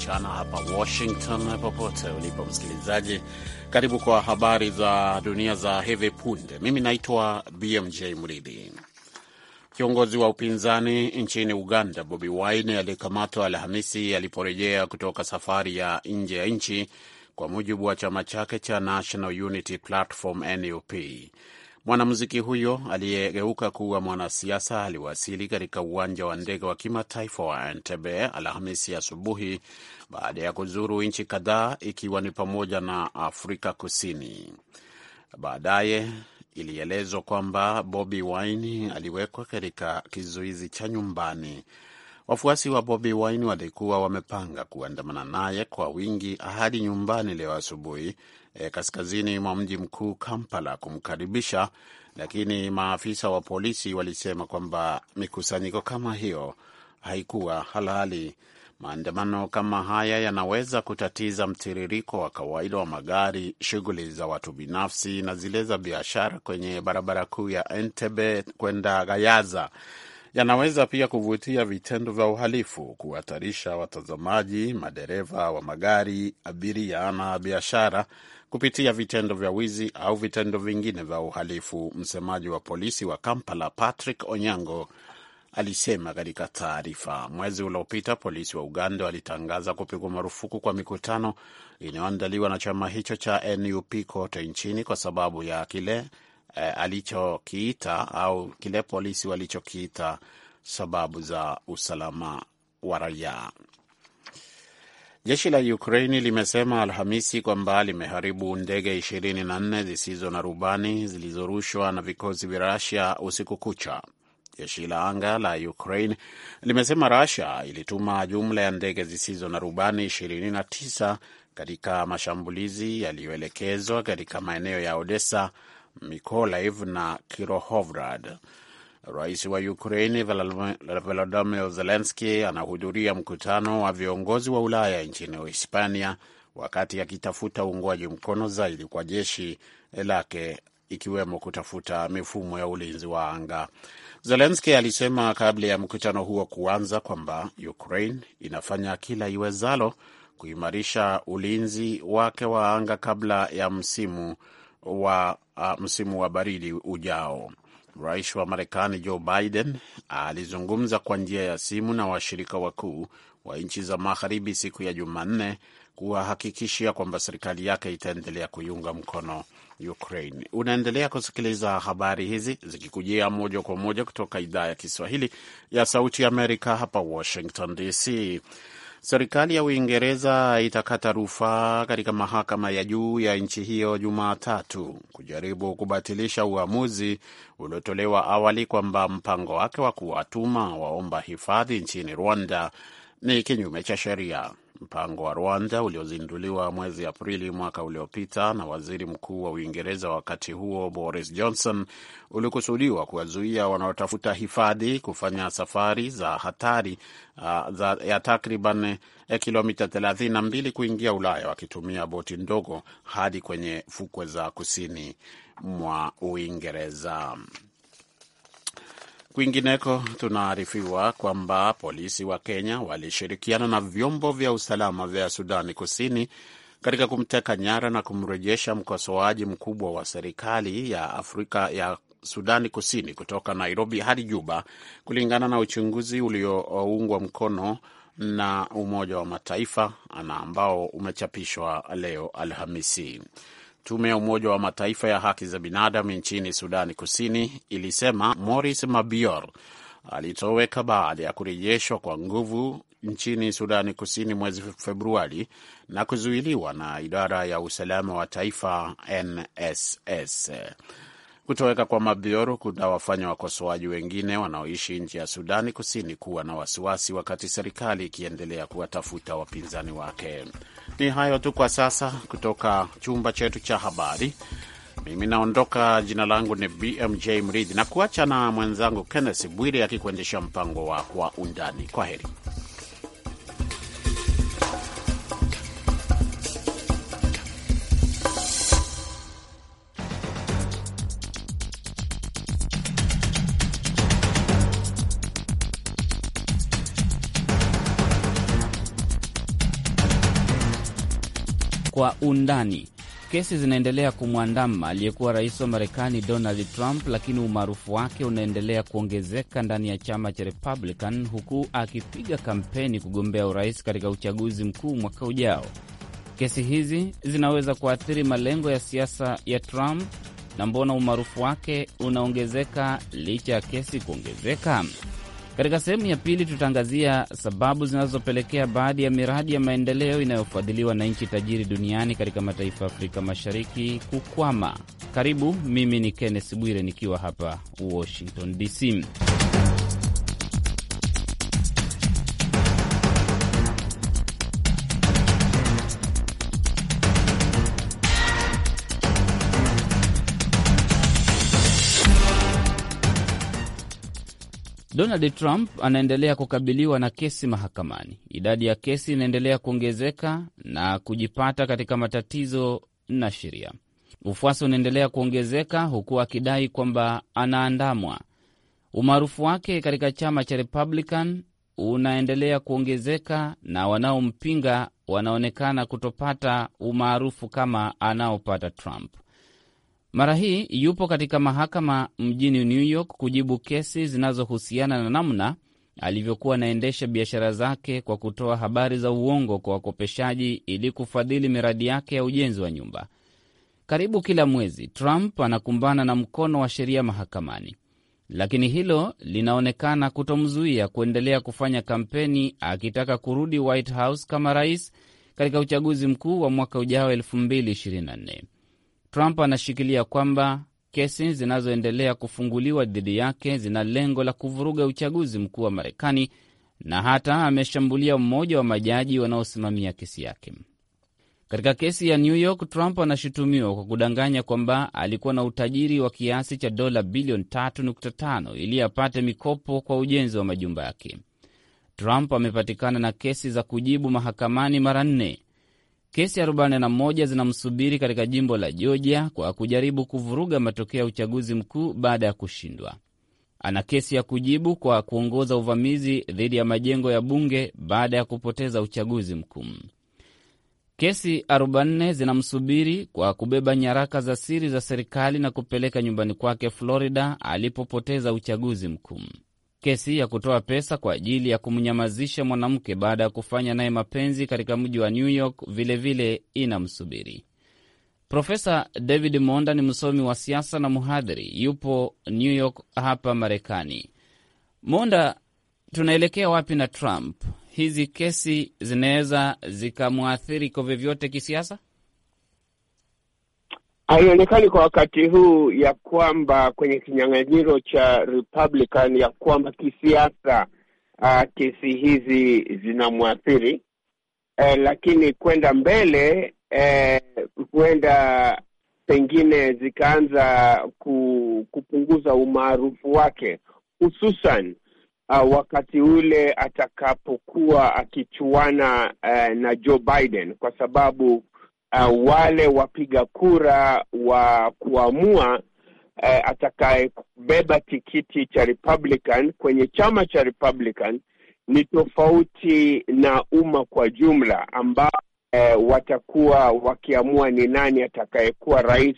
mchana hapa Washington. Popote ulipo msikilizaji, karibu kwa habari za dunia za hivi punde. Mimi naitwa BMJ Mridhi. Kiongozi wa upinzani nchini Uganda Bobi Wine aliyekamatwa Alhamisi aliporejea kutoka safari ya nje ya nchi, kwa mujibu wa chama chake cha National Unity Platform NUP. Mwanamuziki huyo aliyegeuka kuwa mwanasiasa aliwasili katika uwanja wa ndege wa kimataifa wa Entebbe Alhamisi asubuhi baada ya kuzuru nchi kadhaa ikiwa ni pamoja na Afrika Kusini. Baadaye ilielezwa kwamba Bobi Wine aliwekwa katika kizuizi cha nyumbani Wafuasi wa Bobi Wine walikuwa wamepanga kuandamana naye kwa wingi hadi nyumbani leo asubuhi e, kaskazini mwa mji mkuu Kampala kumkaribisha, lakini maafisa wa polisi walisema kwamba mikusanyiko kama hiyo haikuwa halali. Maandamano kama haya yanaweza kutatiza mtiririko wa kawaida wa magari, shughuli za watu binafsi na zile za biashara kwenye barabara kuu ya Entebbe kwenda Gayaza yanaweza pia kuvutia vitendo vya uhalifu, kuhatarisha watazamaji, madereva wa magari, abiria na biashara kupitia vitendo vya wizi au vitendo vingine vya uhalifu. Msemaji wa polisi wa Kampala Patrick Onyango alisema katika taarifa. Mwezi uliopita polisi wa Uganda walitangaza kupigwa marufuku kwa mikutano inayoandaliwa na chama hicho cha NUP kote nchini kwa sababu ya kile eh, alichokiita au kile polisi walichokiita sababu za usalama wa raia. Jeshi la Ukraini limesema Alhamisi kwamba limeharibu ndege 24 zisizo na rubani zilizorushwa na vikosi vya Rusia usiku kucha. Jeshi la anga la Ukraine limesema Rusia ilituma jumla ya ndege zisizo na rubani 29 katika mashambulizi yaliyoelekezwa katika maeneo ya Odessa, mikolaiv na Kirohovrad. Rais wa Ukraini Volodymyr Zelenski anahudhuria mkutano wa viongozi wa Ulaya nchini hispania wakati akitafuta uungwaji mkono zaidi kwa jeshi lake ikiwemo kutafuta mifumo ya ulinzi wa anga. Zelenski alisema kabla ya mkutano huo kuanza kwamba Ukraine inafanya kila iwezalo kuimarisha ulinzi wake wa anga kabla ya msimu wa uh, msimu wa baridi ujao. Rais wa Marekani Joe Biden alizungumza kwa njia ya simu na washirika wakuu wa nchi za magharibi siku ya Jumanne kuwahakikishia kwamba serikali yake itaendelea kuiunga mkono Ukraine. Unaendelea kusikiliza habari hizi zikikujia moja kwa moja kutoka idhaa ya Kiswahili ya Sauti ya Amerika hapa Washington DC. Serikali ya Uingereza itakata rufaa katika mahakama ya juu ya nchi hiyo Jumatatu kujaribu kubatilisha uamuzi uliotolewa awali kwamba mpango wake wa kuwatuma waomba hifadhi nchini Rwanda ni kinyume cha sheria. Mpango wa Rwanda uliozinduliwa mwezi Aprili mwaka uliopita na waziri mkuu wa Uingereza wakati huo Boris Johnson ulikusudiwa kuwazuia wanaotafuta hifadhi kufanya safari za hatari uh, za, ya takriban eh, kilomita 32 kuingia Ulaya wakitumia boti ndogo hadi kwenye fukwe za kusini mwa Uingereza. Kwingineko tunaarifiwa kwamba polisi wa Kenya walishirikiana na vyombo vya usalama vya Sudani Kusini katika kumteka nyara na kumrejesha mkosoaji mkubwa wa serikali ya Afrika ya Sudani Kusini kutoka Nairobi hadi Juba, kulingana na uchunguzi ulioungwa mkono na Umoja wa Mataifa na ambao umechapishwa leo Alhamisi. Tume ya Umoja wa Mataifa ya haki za binadamu nchini Sudani Kusini ilisema moris Mabior alitoweka baada ya kurejeshwa kwa nguvu nchini Sudani Kusini mwezi Februari na kuzuiliwa na idara ya usalama wa taifa NSS. Kutoweka kwa Mabior kunawafanya wakosoaji wengine wanaoishi nje ya Sudani Kusini kuwa na wasiwasi, wakati serikali ikiendelea kuwatafuta wapinzani wake. Ni hayo tu kwa sasa kutoka chumba chetu cha habari. Mimi naondoka. Jina langu ni BMJ Mridhi na kuacha na mwenzangu Kenneth Bwire akikuendesha mpango wa Kwa Undani. Kwa heri. undani. Kesi zinaendelea kumwandama aliyekuwa rais wa Marekani Donald Trump, lakini umaarufu wake unaendelea kuongezeka ndani ya chama cha Republican, huku akipiga kampeni kugombea urais katika uchaguzi mkuu mwaka ujao. Kesi hizi zinaweza kuathiri malengo ya siasa ya Trump, na mbona umaarufu wake unaongezeka licha ya kesi kuongezeka? Katika sehemu ya pili, tutaangazia sababu zinazopelekea baadhi ya miradi ya maendeleo inayofadhiliwa na nchi tajiri duniani katika mataifa ya Afrika Mashariki kukwama. Karibu, mimi ni Kenneth Bwire nikiwa hapa Washington DC. Donald Trump anaendelea kukabiliwa na kesi mahakamani. Idadi ya kesi inaendelea kuongezeka na kujipata katika matatizo na sheria. Ufuasi unaendelea kuongezeka huku akidai kwamba anaandamwa. Umaarufu wake katika chama cha Republican unaendelea kuongezeka na wanaompinga wanaonekana kutopata umaarufu kama anaopata Trump. Mara hii yupo katika mahakama mjini New York kujibu kesi zinazohusiana na namna alivyokuwa anaendesha biashara zake kwa kutoa habari za uongo kwa wakopeshaji ili kufadhili miradi yake ya ujenzi wa nyumba. Karibu kila mwezi Trump anakumbana na mkono wa sheria mahakamani, lakini hilo linaonekana kutomzuia kuendelea kufanya kampeni akitaka kurudi White House kama rais katika uchaguzi mkuu wa mwaka ujao 2024. Trump anashikilia kwamba kesi zinazoendelea kufunguliwa dhidi yake zina lengo la kuvuruga uchaguzi mkuu wa Marekani na hata ameshambulia mmoja wa majaji wanaosimamia kesi yake. Katika kesi ya New York, Trump anashutumiwa kwa kudanganya kwamba alikuwa na utajiri wa kiasi cha dola bilioni 3.5 ili apate mikopo kwa ujenzi wa majumba yake. Trump amepatikana na kesi za kujibu mahakamani mara nne. Kesi 41 zinamsubiri katika jimbo la Georgia kwa kujaribu kuvuruga matokeo ya uchaguzi mkuu baada ya kushindwa. Ana kesi ya kujibu kwa kuongoza uvamizi dhidi ya majengo ya bunge baada ya kupoteza uchaguzi mkuu. Kesi 44 zinamsubiri kwa kubeba nyaraka za siri za serikali na kupeleka nyumbani kwake Florida alipopoteza uchaguzi mkuu kesi ya kutoa pesa kwa ajili ya kumnyamazisha mwanamke baada ya kufanya naye mapenzi katika mji wa New York vilevile inamsubiri. Profesa David Monda ni msomi wa siasa na mhadhiri, yupo New York hapa Marekani. Monda, tunaelekea wapi na Trump? Hizi kesi zinaweza zikamwathiri kwa vyovyote kisiasa? haionekani kwa wakati huu ya kwamba kwenye kinyang'anyiro cha Republican ya kwamba kisiasa uh, kesi hizi zinamwathiri eh, lakini kwenda mbele eh, huenda eh, pengine zikaanza ku, kupunguza umaarufu wake hususan uh, wakati ule atakapokuwa akichuana uh, na Joe Biden kwa sababu uh, wale wapiga kura wa kuamua uh, atakayebeba tikiti cha Republican kwenye chama cha Republican ni tofauti na umma kwa jumla ambao E, watakuwa wakiamua ni nani atakayekuwa rais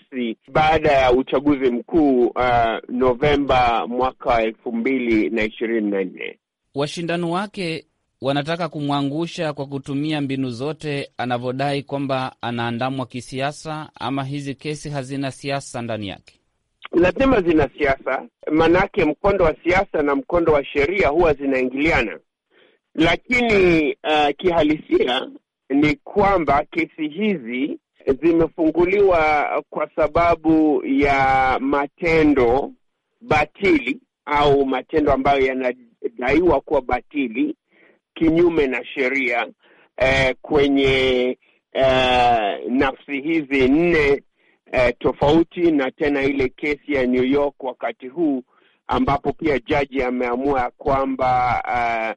baada ya uchaguzi mkuu uh, Novemba mwaka wa elfu mbili na ishirini na nne. wake wanataka kumwangusha kwa kutumia mbinu zote, anavyodai kwamba anaandamwa kisiasa, ama hizi kesi hazina siasa ndani yake? Lazima zina siasa, maanake mkondo wa siasa na mkondo wa sheria huwa zinaingiliana, lakini uh, kihalisia ni kwamba kesi hizi zimefunguliwa kwa sababu ya matendo batili au matendo ambayo yanadaiwa kuwa batili kinyume na sheria eh, kwenye eh, nafsi hizi nne eh, tofauti, na tena ile kesi ya New York wakati huu ambapo pia jaji ameamua kwamba eh,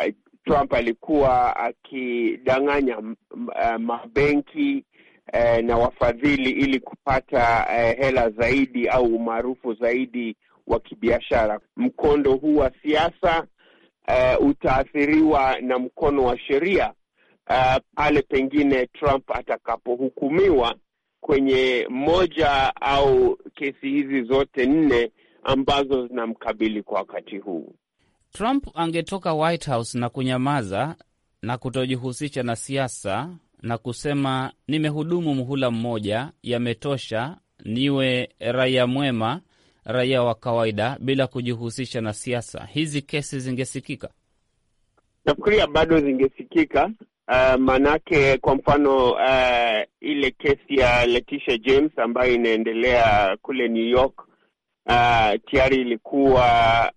eh, Trump alikuwa akidanganya eh, mabenki eh, na wafadhili ili kupata eh, hela zaidi au umaarufu zaidi wa kibiashara. Mkondo huu wa siasa uh, utaathiriwa na mkono wa sheria eh, pale pengine Trump atakapohukumiwa kwenye moja au kesi hizi zote nne ambazo zinamkabili kwa wakati huu. Trump angetoka White House na kunyamaza na kutojihusisha na siasa na kusema nimehudumu mhula mmoja, yametosha, niwe raia mwema raia wa kawaida bila kujihusisha na siasa, hizi kesi zingesikika? Nafikiria bado zingesikika. Uh, eh, maanake kwa mfano uh, ile kesi ya Letitia James ambayo inaendelea kule New York uh, tayari ilikuwa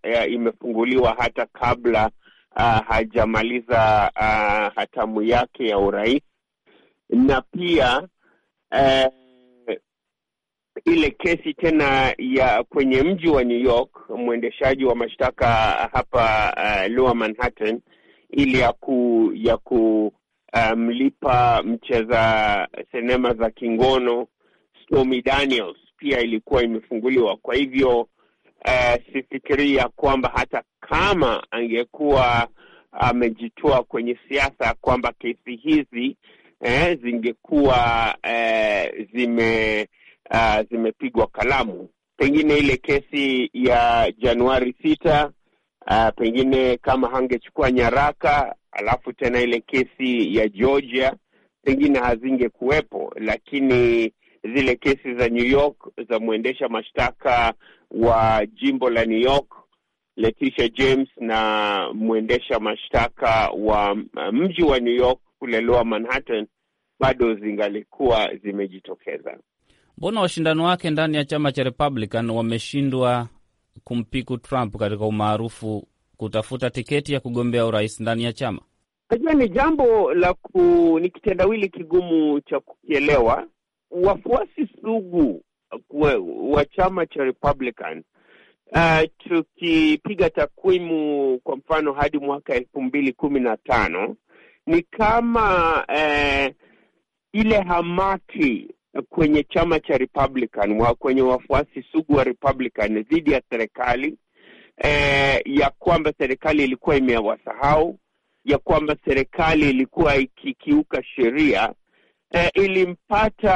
uh, imefunguliwa hata kabla uh, hajamaliza uh, hatamu yake ya urais na pia uh, ile kesi tena ya kwenye mji wa New York, mwendeshaji wa mashtaka hapa uh, Lower Manhattan ili ya ku ya kumlipa um, mcheza sinema za kingono Stormy Daniels pia ilikuwa imefunguliwa. Kwa hivyo uh, sifikiria kwamba hata kama angekuwa amejitoa uh, kwenye siasa kwamba kesi hizi eh, zingekuwa eh, zime uh, zimepigwa kalamu. Pengine ile kesi ya Januari sita, uh, pengine kama hangechukua nyaraka, alafu tena ile kesi ya Georgia pengine hazingekuwepo, lakini zile kesi za New York za mwendesha mashtaka wa jimbo la New York Letitia James na mwendesha mashtaka wa ah, mji wa New York kule Lower Manhattan bado zingalikuwa zimejitokeza. Mbona washindani wake ndani ya chama cha Republican wameshindwa kumpiku Trump katika umaarufu kutafuta tiketi ya kugombea urais ndani ya chama? Najua ni jambo la ku ni kitendawili kigumu cha kukielewa. Wafuasi sugu wa chama cha Republican uh, tukipiga takwimu kwa mfano hadi mwaka elfu mbili kumi na tano ni kama uh, ile hamaki kwenye chama cha Republican, kwenye wafuasi sugu wa Republican dhidi ya serikali eh, ya kwamba serikali ilikuwa imewasahau, ya kwamba serikali ilikuwa ikikiuka sheria eh, ilimpata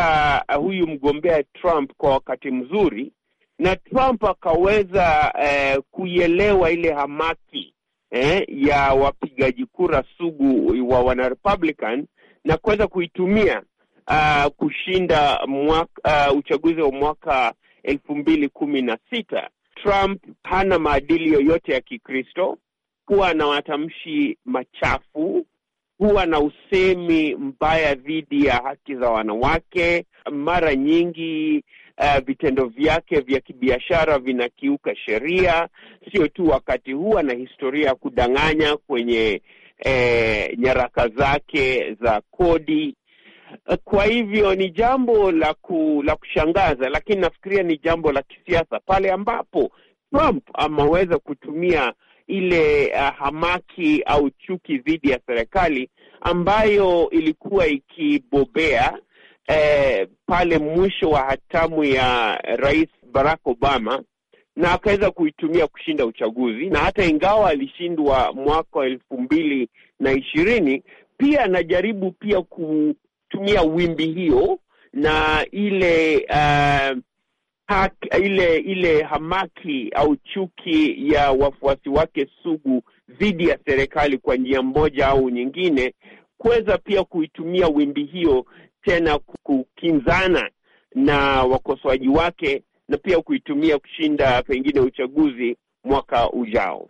uh, huyu mgombea Trump kwa wakati mzuri na Trump akaweza eh, kuielewa ile hamaki eh, ya wapigaji kura sugu wa Republican na kuweza kuitumia uh, kushinda mwaka, uh, uchaguzi wa mwaka elfu mbili kumi na sita. Trump hana maadili yoyote ya Kikristo, huwa na matamshi machafu, huwa na usemi mbaya dhidi ya haki za wanawake. Mara nyingi uh, vitendo vyake vya kibiashara vinakiuka sheria, sio tu wakati huu, ana historia ya kudanganya kwenye eh, nyaraka zake za kodi Eh, kwa hivyo ni jambo la ku, la kushangaza, lakini nafikiria ni jambo la kisiasa pale ambapo Trump ameweza kutumia ile uh, hamaki au chuki dhidi ya serikali ambayo ilikuwa ikibobea eh, pale mwisho wa hatamu ya Rais Barack Obama na akaweza kuitumia kushinda uchaguzi, na hata ingawa alishindwa mwaka wa elfu mbili na ishirini pia anajaribu pia ku, kutumia wimbi hiyo na ile uh, hak, ile ile hamaki au chuki ya wafuasi wake sugu dhidi ya serikali kwa njia moja au nyingine, kuweza pia kuitumia wimbi hiyo tena kukinzana na wakosoaji wake na pia kuitumia kushinda pengine uchaguzi mwaka ujao.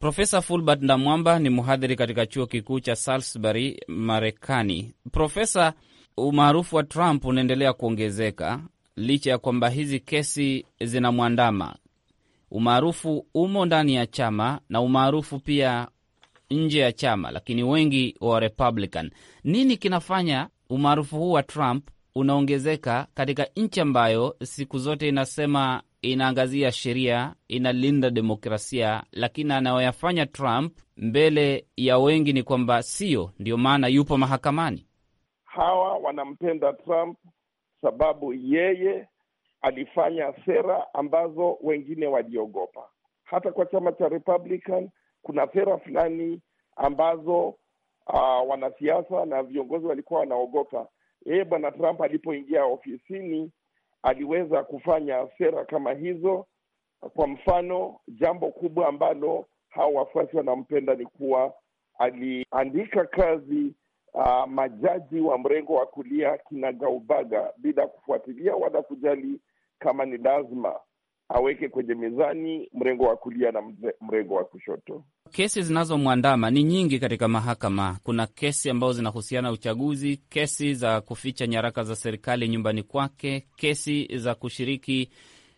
Profesa Fulbert ndamwamba ni mhadhiri katika chuo kikuu cha Salisbury, Marekani. Profesa, umaarufu wa Trump unaendelea kuongezeka licha ya kwamba hizi kesi zinamwandama. Umaarufu umo ndani ya chama na umaarufu pia nje ya chama, lakini wengi wa Republican. Nini kinafanya umaarufu huu wa Trump unaongezeka katika nchi ambayo siku zote inasema inaangazia sheria, inalinda demokrasia, lakini anayoyafanya Trump mbele ya wengi ni kwamba sio, ndio maana yupo mahakamani. Hawa wanampenda Trump sababu yeye alifanya sera ambazo wengine waliogopa. Hata kwa chama cha Republican kuna sera fulani ambazo uh, wanasiasa na viongozi walikuwa wanaogopa yeye eh, bwana Trump alipoingia ofisini aliweza kufanya sera kama hizo. Kwa mfano, jambo kubwa ambalo hawa wafuasi wanampenda ni kuwa aliandika kazi uh, majaji wa mrengo wa kulia kinagaubaga bila kufuatilia wala kujali kama ni lazima aweke kwenye mezani mrengo wa kulia na mrengo wa kushoto. Kesi zinazomwandama ni nyingi katika mahakama. Kuna kesi ambazo zinahusiana na uchaguzi, kesi za kuficha nyaraka za serikali nyumbani kwake, kesi za kushiriki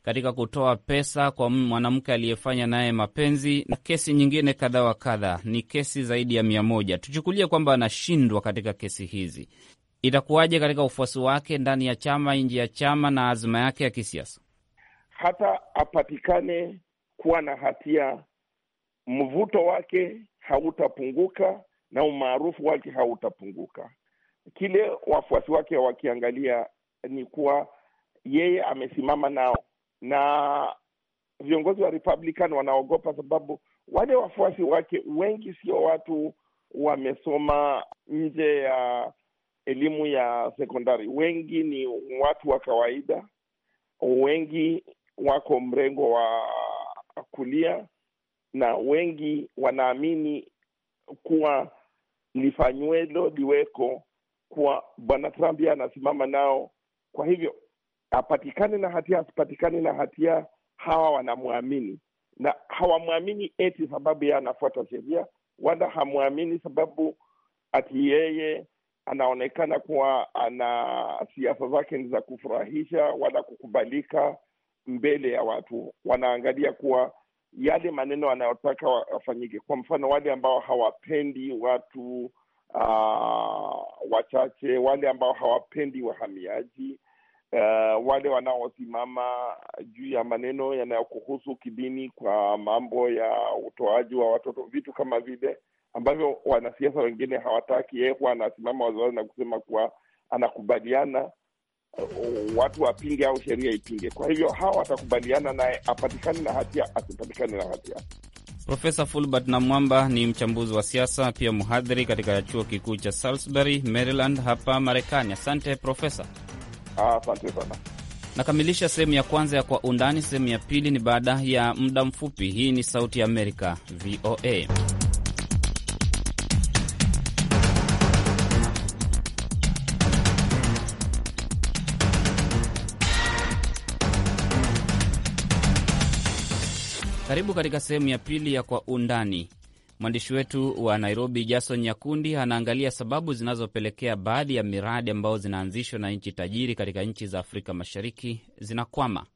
katika kutoa pesa kwa mwanamke aliyefanya naye mapenzi na kesi nyingine kadha wa kadha. Ni kesi zaidi ya mia moja. Tuchukulie kwamba anashindwa katika kesi hizi, itakuwaje katika ufuasi wake ndani ya chama, nje ya chama na azma yake ya kisiasa? hata apatikane kuwa na hatia, mvuto wake hautapunguka na umaarufu wake hautapunguka. Kile wafuasi wake wakiangalia ni kuwa yeye amesimama nao, na viongozi wa Republican wanaogopa, sababu wale wafuasi wake wengi sio watu wamesoma nje ya elimu ya sekondari, wengi ni watu wa kawaida, wengi wako mrengo wa kulia na wengi wanaamini kuwa lifanywelo liweko kuwa bwana Trump yeye anasimama nao. Kwa hivyo apatikane na hatia asipatikane na hatia, hawa wanamwamini na hawamwamini eti sababu yeye anafuata sheria, wala hamwamini sababu ati yeye anaonekana kuwa ana siasa zake ni za kufurahisha wala kukubalika mbele ya watu, wanaangalia kuwa yale maneno wanayotaka wafanyike. Kwa mfano, wale ambao hawapendi watu uh, wachache, wale ambao hawapendi wahamiaji Uh, wale wanaosimama juu ya maneno yanayokuhusu kidini kwa mambo ya utoaji wa watoto, vitu kama vile ambavyo wanasiasa wengine hawataki. Yeye huwa anasimama waziwazi na kusema kuwa anakubaliana Uh, watu wapinge au sheria ipinge. Kwa hivyo hawa watakubaliana naye, apatikane na hatia, asipatikane na hatia. Profesa Fulbert Namwamba ni mchambuzi wa siasa, pia mhadhiri katika chuo kikuu cha Salisbury, Maryland, hapa Marekani. Asante profesa. Ah, asante sana. Nakamilisha sehemu ya kwanza ya Kwa Undani. Sehemu ya pili ni baada ya muda mfupi. Hii ni Sauti ya Amerika, VOA. Karibu katika sehemu ya pili ya Kwa Undani. Mwandishi wetu wa Nairobi, Jason Nyakundi, anaangalia sababu zinazopelekea baadhi ya miradi ambayo zinaanzishwa na nchi tajiri katika nchi za Afrika Mashariki zinakwama.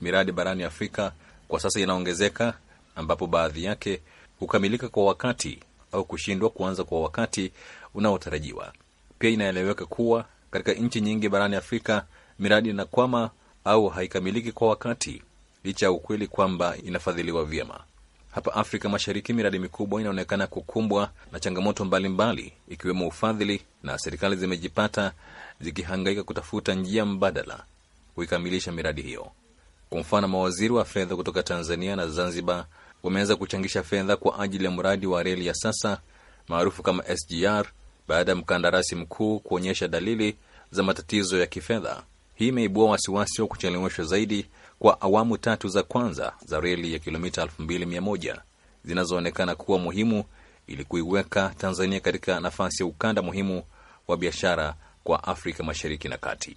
Miradi barani Afrika kwa sasa inaongezeka, ambapo baadhi yake hukamilika kwa wakati au kushindwa kuanza kwa wakati unaotarajiwa. Pia inaeleweka kuwa katika nchi nyingi barani Afrika miradi inakwama au haikamiliki kwa wakati licha ya ukweli kwamba inafadhiliwa vyema. Hapa Afrika Mashariki, miradi mikubwa inaonekana kukumbwa na changamoto mbalimbali, ikiwemo ufadhili, na serikali zimejipata zikihangaika kutafuta njia mbadala kuikamilisha miradi hiyo. Kwa mfano, mawaziri wa fedha kutoka Tanzania na Zanzibar wameanza kuchangisha fedha kwa ajili ya mradi wa reli ya sasa maarufu kama SGR baada ya mkandarasi mkuu kuonyesha dalili za matatizo ya kifedha. Hii imeibua wasiwasi wa kucheleweshwa zaidi kwa awamu tatu za kwanza za reli ya kilomita 2100 zinazoonekana kuwa muhimu ili kuiweka Tanzania katika nafasi ya ukanda muhimu wa biashara kwa Afrika Mashariki na Kati.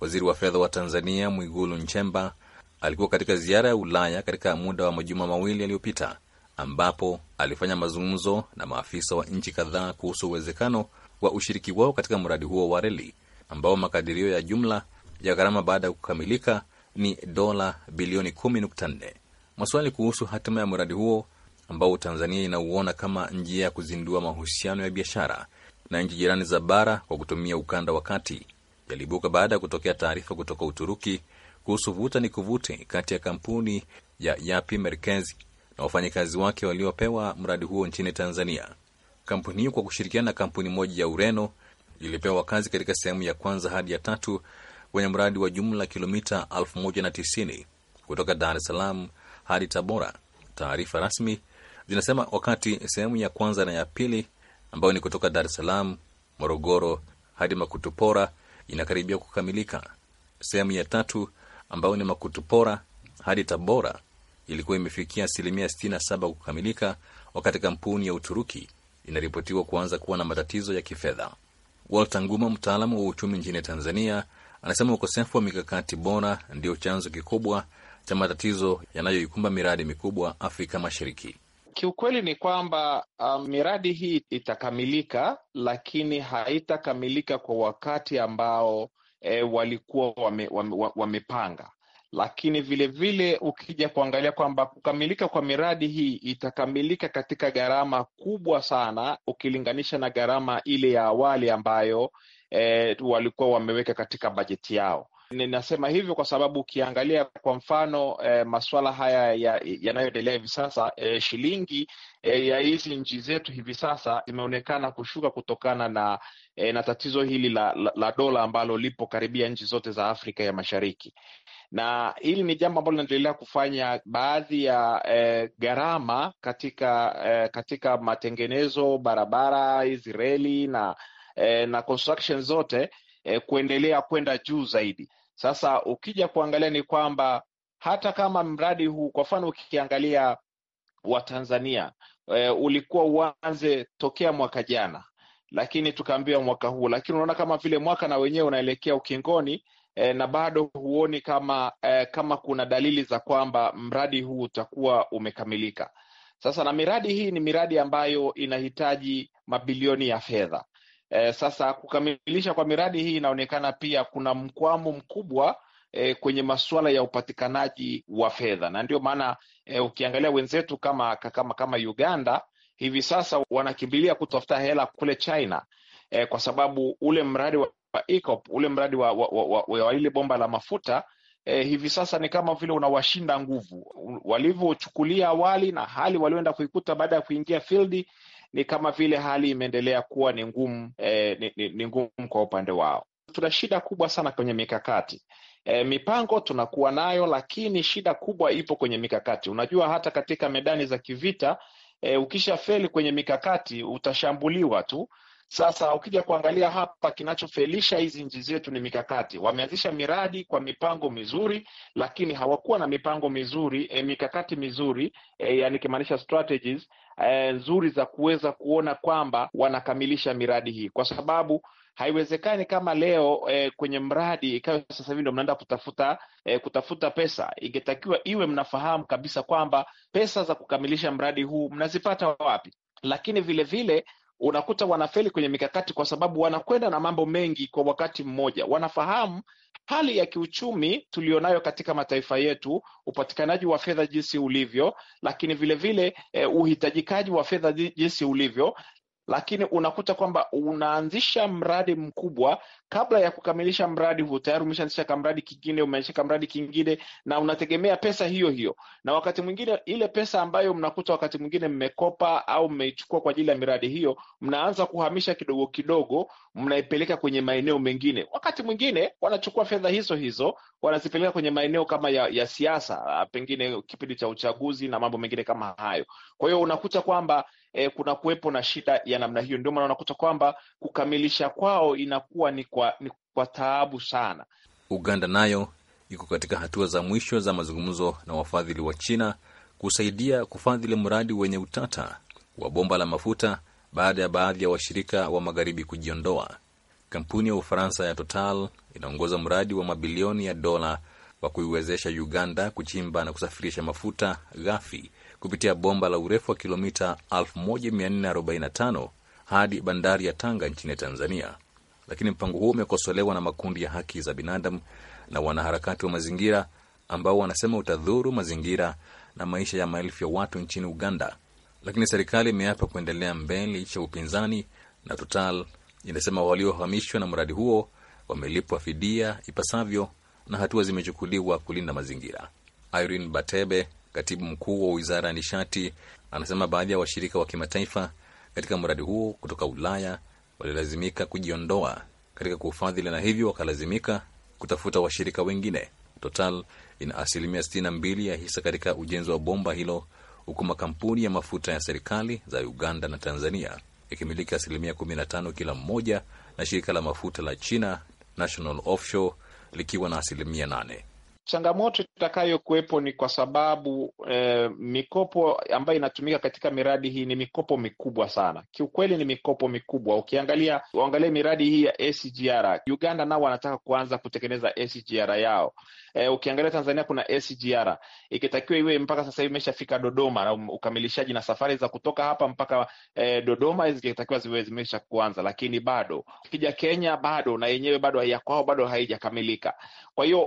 Waziri wa fedha wa Tanzania Mwigulu Nchemba alikuwa katika ziara ya Ulaya katika muda wa majuma mawili yaliyopita, ambapo alifanya mazungumzo na maafisa wa nchi kadhaa kuhusu uwezekano wa ushiriki wao katika mradi huo wa reli ambao makadirio ya jumla ya gharama baada ya kukamilika ni dola bilioni 10.4. Maswali kuhusu hatima ya mradi huo ambao Tanzania inauona kama njia ya kuzindua mahusiano ya biashara na nchi jirani za bara kwa kutumia ukanda wa kati yalibuka baada ya kutokea taarifa kutoka Uturuki kuhusu vuta ni kuvute kati ya kampuni ya Yapi Merkezi na wafanyakazi wake waliopewa mradi huo nchini Tanzania. Kampuni hiyo kwa kushirikiana na kampuni moja ya Ureno ilipewa kazi katika sehemu ya kwanza hadi ya tatu wenye mradi wa jumla kilomita 1090 kutoka Dar es Salaam hadi Tabora. Taarifa rasmi zinasema wakati sehemu ya kwanza na ya pili ambayo ni kutoka Dar es Salaam, Morogoro hadi Makutupora inakaribia kukamilika. Sehemu ya tatu ambayo ni Makutupora hadi Tabora ilikuwa imefikia asilimia 67 kukamilika, wakati kampuni ya Uturuki inaripotiwa kuanza kuwa na matatizo ya kifedha. Walter Nguma, mtaalamu wa uchumi nchini Tanzania, Anasema ukosefu wa mikakati bora ndio chanzo kikubwa cha matatizo yanayoikumba miradi mikubwa Afrika Mashariki. Kiukweli ni kwamba uh, miradi hii itakamilika, lakini haitakamilika kwa wakati ambao e, walikuwa wame, wame, wamepanga. Lakini vilevile vile ukija kuangalia kwamba kukamilika kwa miradi hii itakamilika katika gharama kubwa sana ukilinganisha na gharama ile ya awali ambayo eh, walikuwa wameweka katika bajeti yao. Ninasema hivyo kwa sababu ukiangalia kwa mfano eh, masuala haya yanayoendelea ya hivi sasa eh, shilingi eh, ya hizi nchi zetu hivi sasa imeonekana kushuka kutokana na eh, na tatizo hili la, la, la dola ambalo lipo karibia nchi zote za Afrika ya Mashariki na hili ni jambo ambalo linaendelea kufanya baadhi ya eh, gharama katika eh, katika matengenezo barabara hizi reli na eh, na construction zote eh, kuendelea kwenda juu zaidi. Sasa ukija kuangalia ni kwamba hata kama mradi huu kwa mfano ukiangalia wa Tanzania eh, ulikuwa uanze tokea mwaka jana, lakini tukaambiwa mwaka huu, lakini unaona kama vile mwaka na wenyewe unaelekea ukingoni eh, na bado huoni kama eh, kama kuna dalili za kwamba mradi huu utakuwa umekamilika. Sasa na miradi hii ni miradi ambayo inahitaji mabilioni ya fedha E, sasa kukamilisha kwa miradi hii inaonekana pia kuna mkwamo mkubwa e, kwenye masuala ya upatikanaji wa fedha, na ndio maana e, ukiangalia wenzetu kama, kama, kama Uganda hivi sasa wanakimbilia kutafuta hela kule China e, kwa sababu ule mradi wa EACOP, ule mradi wa, wa, wa, wa, wa, ile bomba la mafuta e, hivi sasa ni kama vile unawashinda nguvu walivyochukulia awali na hali walioenda kuikuta baada ya kuingia fieldi ni kama vile hali imeendelea kuwa ni ngumu eh, ni, ni ngumu kwa upande wao. Tuna shida kubwa sana kwenye mikakati E, mipango tunakuwa nayo, lakini shida kubwa ipo kwenye mikakati. Unajua, hata katika medani za kivita e, ukisha feli kwenye mikakati utashambuliwa tu. Sasa ukija kuangalia hapa, kinachofelisha hizi nchi zetu ni mikakati. Wameanzisha miradi kwa mipango mizuri, lakini hawakuwa na mipango mizuri e, mikakati mizuri e, yani kimaanisha strategies e, nzuri za kuweza kuona kwamba wanakamilisha miradi hii, kwa sababu haiwezekani kama leo e, kwenye mradi ikawa sasa hivi ndo mnaenda kutafuta e, kutafuta pesa. Ingetakiwa iwe mnafahamu kabisa kwamba pesa za kukamilisha mradi huu mnazipata wapi lakini vilevile unakuta wanafeli kwenye mikakati kwa sababu wanakwenda na mambo mengi kwa wakati mmoja. Wanafahamu hali ya kiuchumi tuliyonayo katika mataifa yetu, upatikanaji wa fedha jinsi ulivyo, lakini vilevile vile, eh, uhitajikaji wa fedha jinsi ulivyo, lakini unakuta kwamba unaanzisha mradi mkubwa, kabla ya kukamilisha mradi huo tayari umeshaanzisha kamradi kingine, umeanzisha kamradi kingine, na unategemea pesa hiyo hiyo, na wakati mwingine ile pesa ambayo mnakuta wakati mwingine mmekopa au mmeichukua kwa ajili ya miradi hiyo, mnaanza kuhamisha kidogo kidogo, mnaipeleka kwenye maeneo mengine. Wakati mwingine wanachukua fedha hizo hizo wanazipeleka kwenye maeneo kama ya, ya siasa, pengine kipindi cha uchaguzi na mambo mengine kama hayo. Kwa hiyo unakuta kwamba eh, kuna kuwepo na shida ya namna hiyo. Ndio maana unakuta kwamba kukamilisha kwao inakuwa ni kwa, ni kwa taabu sana. Uganda nayo iko katika hatua za mwisho za mazungumzo na wafadhili wa China kusaidia kufadhili mradi wenye utata wa bomba la mafuta baada ya baadhi ya washirika wa magharibi kujiondoa. Kampuni ya Ufaransa ya Total inaongoza mradi wa mabilioni ya dola wa kuiwezesha Uganda kuchimba na kusafirisha mafuta ghafi kupitia bomba la urefu wa kilomita 1445 hadi bandari ya Tanga nchini Tanzania, lakini mpango huo umekosolewa na makundi ya haki za binadamu na wanaharakati wa mazingira ambao wanasema utadhuru mazingira na maisha ya maelfu ya watu nchini Uganda. Lakini serikali imeapa kuendelea mbele cha upinzani, na Total inasema waliohamishwa na mradi huo wamelipwa fidia ipasavyo na hatua zimechukuliwa kulinda mazingira. Irene Batebe, Katibu mkuu wa wizara ya nishati anasema baadhi ya washirika wa, wa kimataifa katika mradi huo kutoka Ulaya walilazimika kujiondoa katika kuufadhili na hivyo wakalazimika kutafuta washirika wengine. Total ina asilimia 62 ya hisa katika ujenzi wa bomba hilo, huku makampuni ya mafuta ya serikali za Uganda na Tanzania ikimiliki asilimia 15 kila mmoja, na shirika la mafuta la China National Offshore likiwa na asilimia 8. Changamoto itakayokuwepo ni kwa sababu eh, mikopo ambayo inatumika katika miradi hii ni mikopo mikubwa sana. Kiukweli ni mikopo mikubwa. Ukiangalia uangalie miradi hii ya SGR, Uganda nao wanataka kuanza kutekeleza SGR yao. Eh, ukiangalia Tanzania kuna SGR ikitakiwa iwe mpaka sasa hivi imeshafika Dodoma na um, ukamilishaji na safari za kutoka hapa mpaka eh, Dodoma zikitakiwa ziwe zimesha kuanza, lakini bado ukija Kenya bado na yenyewe bado ya kwao bado haijakamilika. Kwa hiyo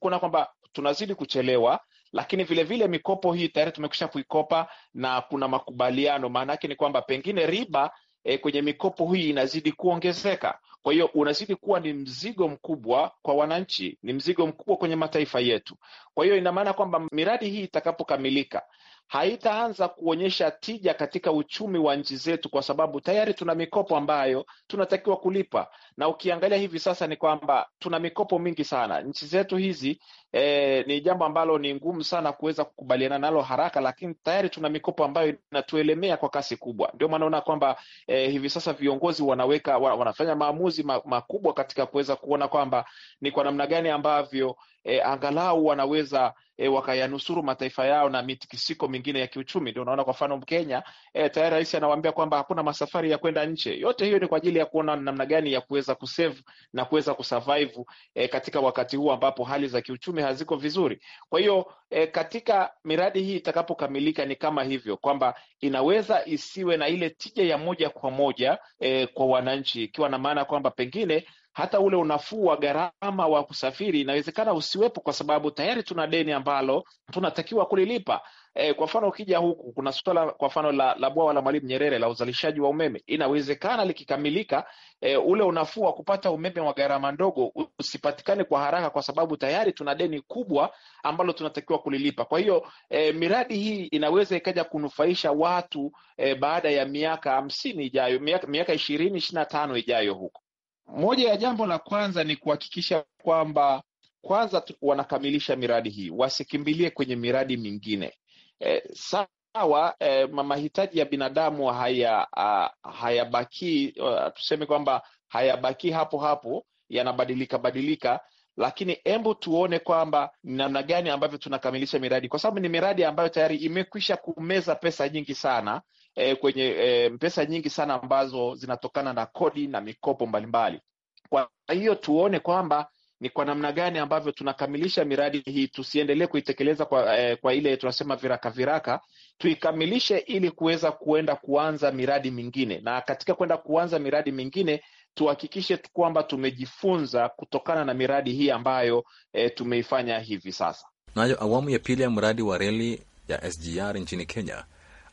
kuona kwamba kwamba tunazidi kuchelewa, lakini vilevile vile mikopo hii tayari tumekwisha kuikopa na kuna makubaliano. Maana yake ni kwamba pengine riba e, kwenye mikopo hii inazidi kuongezeka. Kwa hiyo unazidi kuwa ni mzigo mkubwa kwa wananchi, ni mzigo mkubwa kwenye mataifa yetu. Kwa hiyo ina maana kwamba miradi hii itakapokamilika haitaanza kuonyesha tija katika uchumi wa nchi zetu, kwa sababu tayari tuna mikopo ambayo tunatakiwa kulipa, na ukiangalia hivi sasa ni kwamba tuna mikopo mingi sana nchi zetu hizi. E, ni jambo ambalo ni ngumu sana kuweza kukubaliana nalo haraka, lakini tayari tuna mikopo ambayo inatuelemea kwa kasi kubwa. Ndio maana unaona kwamba e, hivi sasa viongozi wanaweka wanafanya maamuzi makubwa katika kuweza kuona kwamba ni kwa namna gani ambavyo e, angalau wanaweza e, wakayanusuru mataifa yao na mitikisiko mingine ya kiuchumi. Ndio unaona kwa mfano Mkenya e, tayari rais anawaambia kwamba hakuna masafari ya kwenda nje. Yote hiyo ni kwa ajili ya kuona namna gani ya kuweza kusave na kuweza kusurvive e, katika wakati huu ambapo hali za kiuchumi haziko vizuri. Kwa hiyo e, katika miradi hii itakapokamilika ni kama hivyo kwamba inaweza isiwe na ile tija ya moja kwa moja e, kwa wananchi, ikiwa na maana kwamba pengine hata ule unafuu wa gharama wa kusafiri inawezekana usiwepo, kwa sababu tayari tuna deni ambalo tunatakiwa kulilipa. E, kwa mfano ukija huku kuna suala kwa mfano la, la bwawa la Mwalimu Nyerere la uzalishaji wa umeme, inawezekana likikamilika, e, ule unafuu wa kupata umeme wa gharama ndogo usipatikane kwa haraka, kwa sababu tayari tuna deni kubwa ambalo tunatakiwa kulilipa. Kwa hiyo e, miradi hii inaweza ikaja kunufaisha watu e, baada ya miaka hamsini ijayo, miaka ishirini ishirini na tano ijayo huko moja ya jambo la kwanza ni kuhakikisha kwamba kwanza wanakamilisha miradi hii, wasikimbilie kwenye miradi mingine eh, sawa eh, mahitaji ya binadamu haya uh, hayabakii uh, e, tuseme kwamba hayabakii hapo hapo, yanabadilika badilika, lakini hebu tuone kwamba ni namna gani ambavyo tunakamilisha miradi, kwa sababu ni miradi ambayo tayari imekwisha kumeza pesa nyingi sana eh, kwenye eh, pesa nyingi sana ambazo zinatokana na kodi na mikopo mbalimbali. Kwa hiyo tuone kwamba ni kwa namna gani ambavyo tunakamilisha miradi hii, tusiendelee kuitekeleza kwa, eh, kwa ile tunasema viraka viraka, tuikamilishe ili kuweza kuenda kuanza miradi mingine, na katika kwenda kuanza miradi mingine tuhakikishe kwamba tumejifunza kutokana na miradi hii ambayo eh, tumeifanya hivi sasa. Nayo awamu ya pili ya mradi wa reli ya SGR nchini Kenya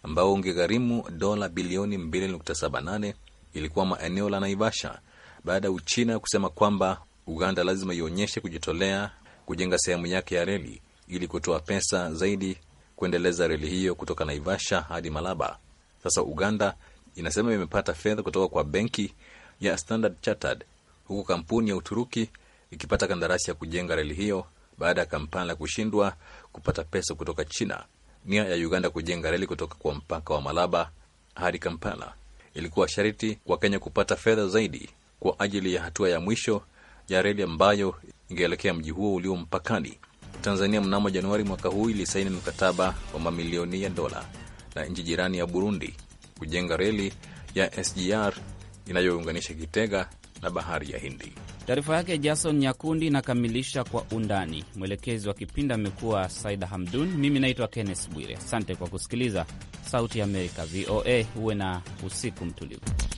ambao ungegharimu dola bilioni 2.78 ilikuwa maeneo la Naivasha baada ya Uchina kusema kwamba Uganda lazima ionyeshe kujitolea kujenga sehemu yake ya reli ili kutoa pesa zaidi kuendeleza reli hiyo kutoka Naivasha hadi Malaba. Sasa Uganda inasema imepata fedha kutoka kwa benki ya Standard Chartered, huku kampuni ya Uturuki ikipata kandarasi ya kujenga reli hiyo baada ya Kampala kushindwa kupata pesa kutoka China Nia ya Uganda kujenga reli kutoka kwa mpaka wa Malaba hadi Kampala ilikuwa sharti kwa Kenya kupata fedha zaidi kwa ajili ya hatua ya mwisho ya reli ambayo ingeelekea mji huo ulio mpakani. Tanzania mnamo Januari mwaka huu ilisaini mkataba wa mamilioni ya dola na nchi jirani ya Burundi kujenga reli ya SGR inayounganisha Kitega na bahari ya Hindi. Taarifa yake Jason Nyakundi inakamilisha kwa undani. Mwelekezi wa kipindi amekuwa Saida Hamdun. Mimi naitwa Kenneth Bwire. Asante kwa kusikiliza Sauti ya Amerika, VOA. huwe na usiku mtulivu.